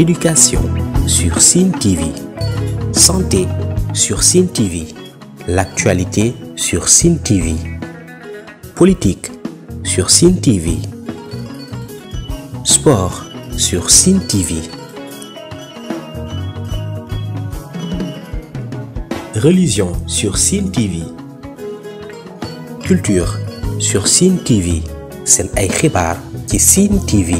Éducation sur Cine TV. Santé sur Cine TV. L'actualité sur Cine TV. Politique sur Cine TV. Sport sur Cine TV. Religion sur Cine TV. Culture sur Cine TV. C'est un écrit par Cine TV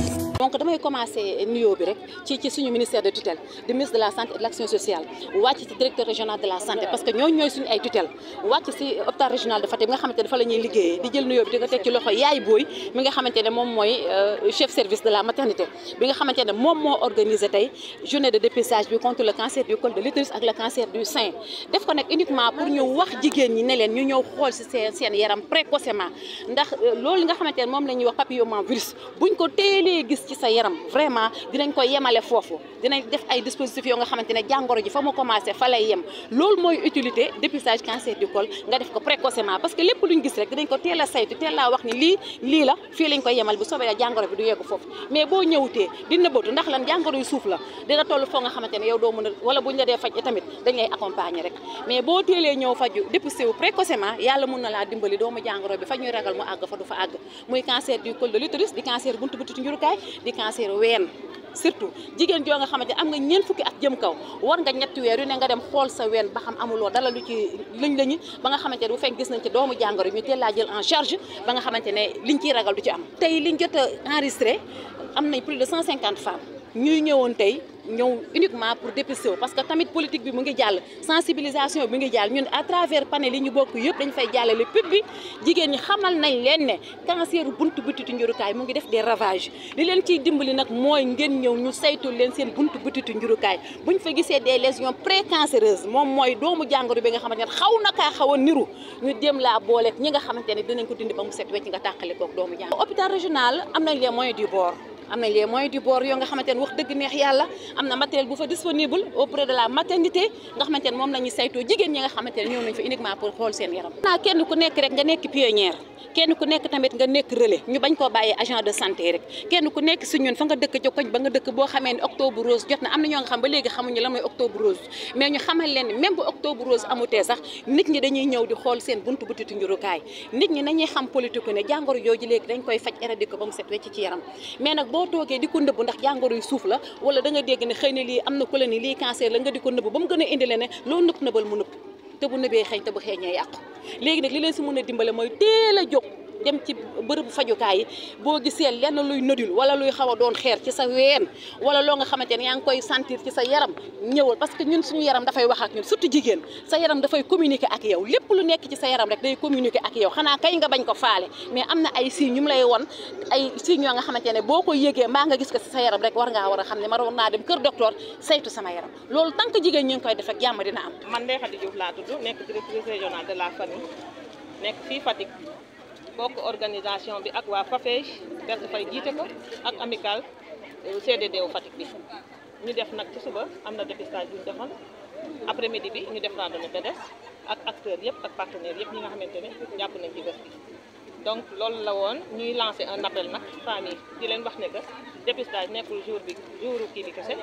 donc damay commencé nuyo bi rek ci ci suñu ministère de tutelle de ministre de la santé et de l'action sociale wacc ci directeur régional de la santé parce que ñooñu ñooy suñu ay tutelle wacc ci hôpital régional de Fatick bi nga xamantene ne fa lañuy liggéey di jël nuyo bi di nga teg ci loxo yaay boy mi nga xamantene mom moy euh, chef service de la maternité bi nga xamantene mom mo moo organisé tey journée de dépistage bi contre le cancer du col de l'utérus ak le cancer du sein def ko nag uniquement pour ñu wax jigéen ñi ne leen ñu ñëw xol ci seen yaram précocement ndax euh, loolu nga xamantene mom lañuy wax papillomavirus buñ ko teelee gis ci sa yaram vraiment dinañ ko yemalé fofu dinañ def ay dispositif yo nga xamantene jangoro ji famo mu commencé fa lay yem loolu moy utilité dépistage cancer du col nga def ko précocement parce que lepp luñu gis rek dinañ ko téla saytu téla wax ni li li la fi lañ ko yemal bu soobee jangoro bi du yegg fofu mais bo ñewuté dina bëtu ndax lan jangoro yu suuf la dina tollu fo nga xamantene yow do mëna wala buñ la dé faj tamit dañ lay accompagner rek mais bo télé ñew faju dépisté wu précocement yàlla mun na laa dimbali doomu jàngoro bi fa ñuy ragal mu ag fa du fa ag muy cancer du col de l'utérus di cancer buntu buntu ñurukay di cancer ween surtout jigéen joo nga xamante ne am nga ñeent fukki ak jëm kaw war nga ñetti weer yu ne nga dem xool sa ween ba xam amuloo dala lu ci luñ lañu ba nga xamante ne bu fekk gis nañ ci doomu jàngoro ñu teel laa jël en charge ba nga xamante ne liñ ciy ragal du ci am tey liñ jot a enregistré am nañ plus de cinquante femmes ñuy ñëwoon tey ñëw uniquement pour dépister parce que tamit politique bi mu ngi jàll sensibilisation bi mu ngi jàll ñun à travers panel yi ñu bokk yëpp dañ fay jàllale pub bi jigéen ñi xamal nañ leen ne cancer buntu butitu njurukaay mu ngi def des ravages li leen ciy dimbali nag mooy ngeen ñëw ñu saytul leen seen buntu butitu njurukaay buñ fa gisee des lésions précancéreuses moom mooy doomu jàngoro bi nga xamante ne xaw na kaa xaw a niru ñu dem laa boole ñi nga xamante ne dinañ ko dindi ba mu set wecc nga tàqale kook doomu jàngoro hôpital régional am nañ les moyens du bord am na les moyens du bord xamante ne wax dëgg neex yàlla am na matériel bu fa disponible auprès de la maternité nga xamante ne moom jigéen ñi nga xamante ne ñëw nañ fa uniquement pour xool seen yaram kenn ku nekk rek nga nekk pionnière kenn ku nekk tamit nga nekk relais ñu bañ koo bàyyee agent de santé rek kenn ku nekk si ñun fa nga dëkk ca koñ ba nga dëkk boo xamee ne octobre rose jot na am na ñoo nga xam ba léegi xamuñu la mooy octobre rose mais ñu xamal leen ni même bu octobre rose amutee sax nit ñi dañuy ñëw di xool seen buntu butitu njurukaay nit ñi nañuy xam politique ne jàngoro jooju léegi dañ koy faj éradiquer ba mu set wecc ci yaram boo toogee di ko nëbb ndax jàngoro yu suuf la wala danga nga dégg ne xëy na lii am na ku la ni lii cancer la nga di ko nëbb ba mu gën a indi leen ne loo nëpp nëbbal mu nëpp te bu nëbbee xeeñ te bu xeeñee yàqu léegi nag li leen si mën a dimbale mooy teel a jóg dem ci bërëbu fajukaay yi boo gisee lenn luy nodul wala luy xaw a doon xeer ci sa ween wala loo nga xamante ne yaa ngi koy sentir ci sa yaram ñëwal parce que ñun suñu yaram dafay wax ak ñun surtout jigéen sa yaram dafay communiquer ak yow lépp lu nekk ci sa yaram rek day communiquer ak yow xanaa kay nga bañ ko faale mais am na ay signes ñu lay won ay signes yoo nga xamante ne boo ko yëgee mbaa nga gis ko ci sa yaram rek war ngaa war a xam ne ma war naa dem kër docteur saytu sama yaram loolu tant que jigéen ñu ngi koy def ak jàmm dina am. man Ndeye Khady Diouf laa tudd nekk directrice régionale de Fatick bokk organisation bi ak wa FAFEJ def fay jité ko ak amical CDD wu Fatick bi ñu def nak ci suba amna dépistage bu defal après midi bi ñu def randonnée pédestre ak acteurs yépp ak partenaires yépp ñi nga xamante ne nañ ci bés bi donc loolu la woon ñuy lancer un appel nak famille di leen wax ne que dépistage nekkul jour bi jouru kii bi kese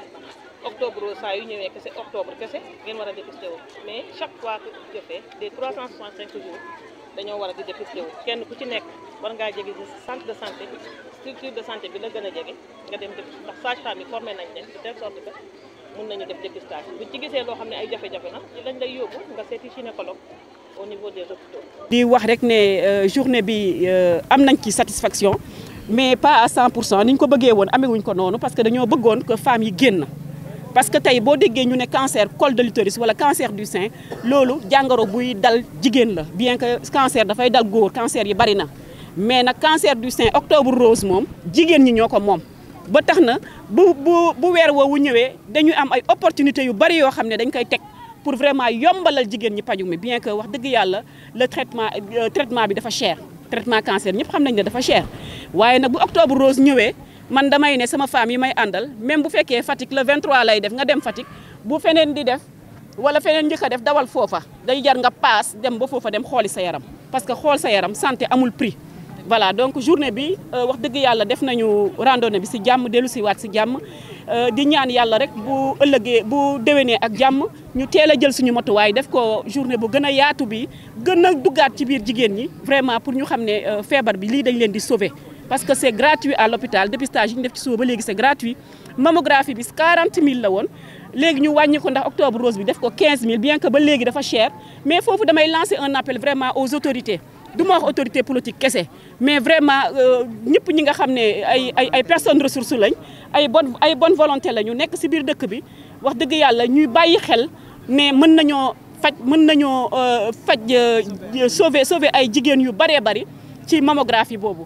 octobre saa yu ñëwee kese octobre kese ngeen war a dépister wu mais chaque fois que jëfee des 365 jours dañoo war a di dépisté wu kenn ku ci nekk war ngaa jege centre de santé structure de santé bi la gën a jege nga dem dépisté ndax sage-femme yi formé nañ leen de telle sorte que mun nañu def dépistage bu ci gisee loo xam ne ay jafe-jafe na ci lañ lay yóbbu nga seeti gynécologue au niveau des hôpitaux. di wax rek ne euh, journée bi euh, am nañ ci satisfaction mais pas à 100 pour cent ni ñu ko bëggee woon amewuñ ko noonu parce que dañoo bëggoon que femme yi génn parce que tay boo déggee ñu ne cancer col de l'utérus wala cancer du sein loolu jàngoro buy dal jigéen la bien que cancer dafay dal góor cancer yi bari na mais nag cancer du sein octobre rose moom jigéen ñi ñoo ko moom ba tax na bu bu bu weer woowu ñëwee dañu am ay opportunités yu bari yoo xam dañ koy teg pour vraiment yombalal jigéen ñi paju bien que wax dëgg yalla le traitement euh, traitement bi dafa cher traitement cancer ñep xam nañ ne dafa cher waaye nak bu octobre rose ñëwee man damay ne sama femme yi may andal même bu féké fatik le 23 lay def nga dem fatik bu fenen di def wala fenen njëkk a def dawal fofa day jar nga paas dem ba fofa dem xooli sa yaram parce que xol sa yaram santé amul prix. voilà donc journée bi euh, wax deug yalla def nañu randonnée bi ci si delu ci wat ci si euh, di ñaan yalla rek bu ëllëgee bu déwénee ak jàmm ñu téla jël suñu way def ko journée bu gëna yaatu bi gëna duggaat ci biir jigen ñi vraiment pour ñu xamné ne euh, feebar bi li dañ leen di sauver parce que c'est gratuit à l'hôpital dépistage yi ñu def ci suba ba c'est gratuit mammographie bi 40 000 la Les léegi ñu wàññi ndax octobre rose bi def ko 15 000 bien que ba léegi dafa cher mais foofu damay lancer un appel vraiment aux autorités du ma wax autorité politique kese mais vraiment euh, ñëpp ñi nga xam ne ay ay ay personnes ressources lañ ay bonne ay bonne volonté la ñu nekk si biir dëkk bi wax dëgg yàlla ñuy bàyyi xel ne mën nañoo faj mën nañoo euh, faj euh, sauver sauver ay jigéen yu bëree bëri ci mammographie boobu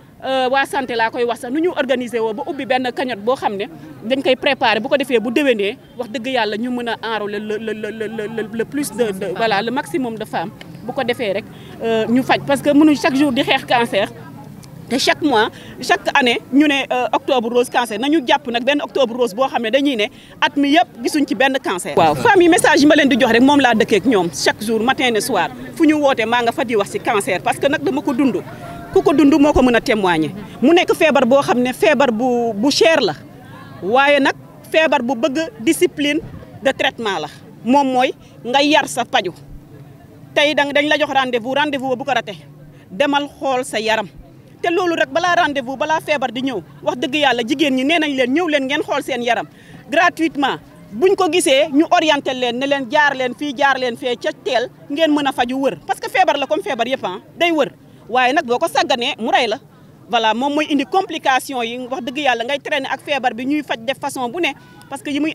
Euh, wa santé la koy wax sax nu ñu organiser wo ba ubbi ben cagnot bo xamné ne dañ koy préparer bu ko défé bu déwénee wax dëgg yalla ñu mëna a le le le le le plus de voilà le maximum de femmes bu ko défé rek euh, ñu fajj parce que mënu chaque jour di xeex cancer. te chaque mois chaque année ñu né euh, octobre rose cancer nañu japp nak ben octobre rose bo xamné dañuy ne at mi yëpp gisuñ ci ben cancer. waaw femmes yi message yi ma leen di jox rek mom la dëkk ak ñom chaque jour matin et soir fu ñu wootee maa nga fa di wax ci cancer parce que nak dama ko dund. Kuku dundu moko moo tiem wanye, a témoigner mu nekk feebar boo xam ne feebar bu bu cher la waye nak febar bu bëgg discipline de traitement la mom mooy nga yar sa paju tey dang dañ la jox rendez-vous rendez-vous bu ko raté demal xool sa yaram te loolu rek balaa rendez-vous balaa febar di ñëw wax dëgg la jigen ñi nee nañ leen len leen ngeen xool seen yaram gratuitement buñ ko gisé ñu orienté leen ne leen jaar leen fi jaar leen fee ca tel ngeen mëna faju wër parce que la comme feebar yépp hein ah, day wër waye nak boko ko mu la voilà mom moy indi complication yi wax deug yalla ngay traîner ak fièvre bi ñuy faj def façon bu ne parce que yi muy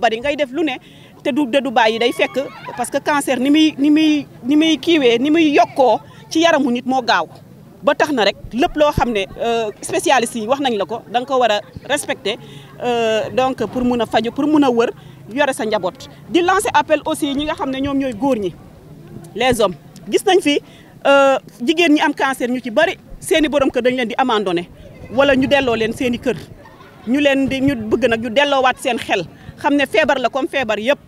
bari ngay def lu ne té du parce que cancer ni muy ni muy ni muy kiwé ni muy yokko ci yaramu nit mo gaaw ba tax na rek lepp euh, spécialiste yi wax nañ la ko euh, donc pour mëna faju pour mëna wër sa di lancer appel aussi ñi nga xamné les hommes euh, jigéen ñi am cancer ñu ci bari seeni borom kër dañ leen di abandonné wala ñu delloo leen seeni i kër ñu leen di ñu bëgg nag ñu delloowaat seen xel xam ne feebar la comme feebar yëpp.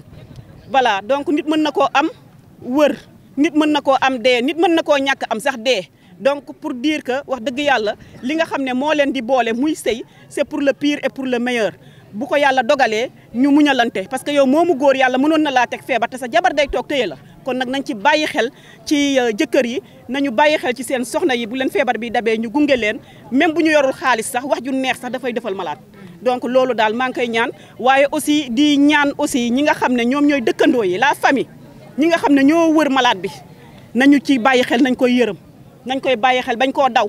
voilà donc nit mën na koo am wër nit mën na koo am dee nit mën na koo ñàkk am sax dee donc pour dire que wax dëgg yàlla li nga xam ne moo leen di boole muy sëy c'est pour le pire et pour le meilleur. bu ko yàlla dogalee ñu muñalante parce que yow moomu góor yàlla mënoon na laa teg feebar te sa jabar day toog téye la kon nag nañ ci bàyyi xel ci euh, jëkkër yi nañu bàyyi xel ci seen soxna yi bu leen feebar bi dabee ñu gunge leen même bu ñu yorul xaalis sax wax ju neex sax dafay defal malaat donc loolu daal maa ngi koy ñaan waaye aussi di ñaan aussi ñi nga xam ne ñoom ñooy dëkkandoo yi laa famille ñi nga xam ne ñoo wër malaat bi nañu ci bàyyi xel nañ koy yërëm nañ koy bàyyi xel bañ koo daw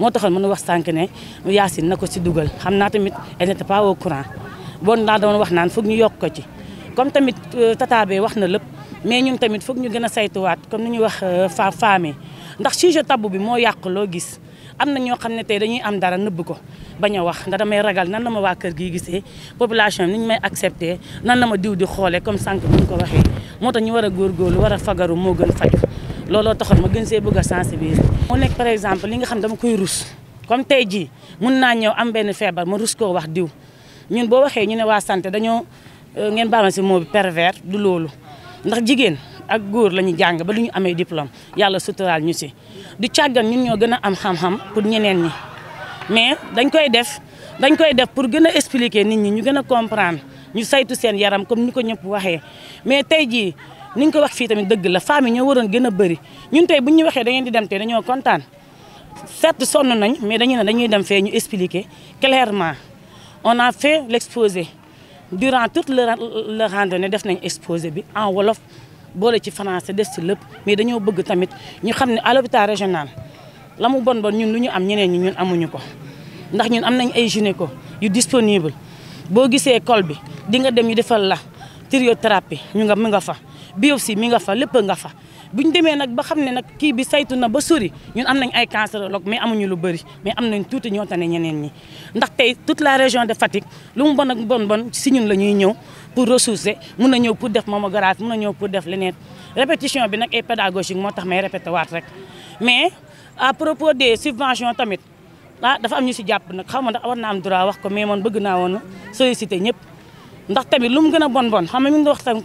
moo taxoon mën a wax sànq ne Yacine na ko si dugal xam naa tamit elle n'était pas au courant bon naa doon wax naan foog ñu yokk ko ci comme tamit euh, tata wax na lépp mais ñun tamit foog ñu gën a saytuwaat comme ni ñuy wax euh, fa faame ndax sujet tabou bi moo yàq loo gis am na ñoo xam ne tey dañuy am dara nëbb ko baña a wax ndax damay ragal nan la ma waa kër gii gisee population ni ñu may accepté nan la ma diw di xoolee comme sànq bu ko waxee moo tax ñu war a góorgóorlu war a fagaru moo gën faju looloo taxoon ma gën see bëgg a sensibiliser. mu nekk par exemple li nga xam dama koy rus comme tey jii mun naa ñëw am benn feebar ma rus koo wax diw ñun boo waxee ñu ne waa santé dañoo euh, ngeen baal ma si mot bi pervers du loolu ndax jigéen ak góor la ñu jàng ba du ñu amee diplôme yàlla suturaal ñu si. di càggan ñun ñoo gën a am xam-xam pour ñeneen ñi mais dañ koy def dañ koy def pour gën a expliquer nit ñi ñu gën a comprendre ñu saytu seen yaram comme ni ko ñëpp waxee mais tey ni nga ko wax fii tamit dëgg la femmes yi ñoo waroon gën a bëri ñun tey bu ñu waxee da ngeen di dem tey dañoo kontaan certes sonn nañ mais dañu dañuy dem fee ñu expliquer clairement on a fait l'exposé durant toute la randonnée def nañ exposé bi en wolof boole ci français des ci lépp mais dañoo bëgg tamit ñu xam ne à l'hôpital régional la mu bon bon ñun lu ñu am ñeneen ñi ñun amuñu ko ndax ñun am nañ ay ko yu disponible boo gisee col bi di nga dem ñu defal la thériothérapie ñu nga mu nga fa bi biopsie mi nga fa lépp nga fa bu ñu demee nag ba xam ne nag kii bi saytu na ba sori ñun am nañ ay cancérologue mais amuñu lu bëri mais am nañ tuuti ñoo tane ñeneen ñi ndax tey la région de Fatick lu mu bon bon bon si ñun la ñuy ñëw pour ressourcer mun na ñëw pour def mammographie mun na ñëw pour def leneen répétition bi nag ay pédagogique moo tax may répété waat rek mais à propos des subvention tamit ah dafa am ñu si jàpp nag xaw ma ndax war naa am droit wax ko mais man bëgg naa woon sollicité ñëpp ndax tamit lu mu gën a bon bon xam nga mi ngi wax tamit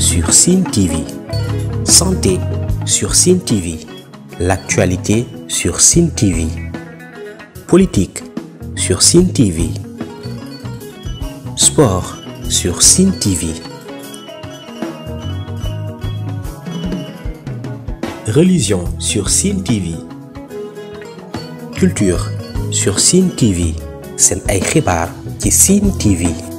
sur Cine TV. Santé sur Cine TV. L'actualité sur Cine TV. Politique sur Cine TV. Sport sur Cine TV. Religion sur Cine TV. Culture sur Cine TV. C'est un écrit par Cine TV.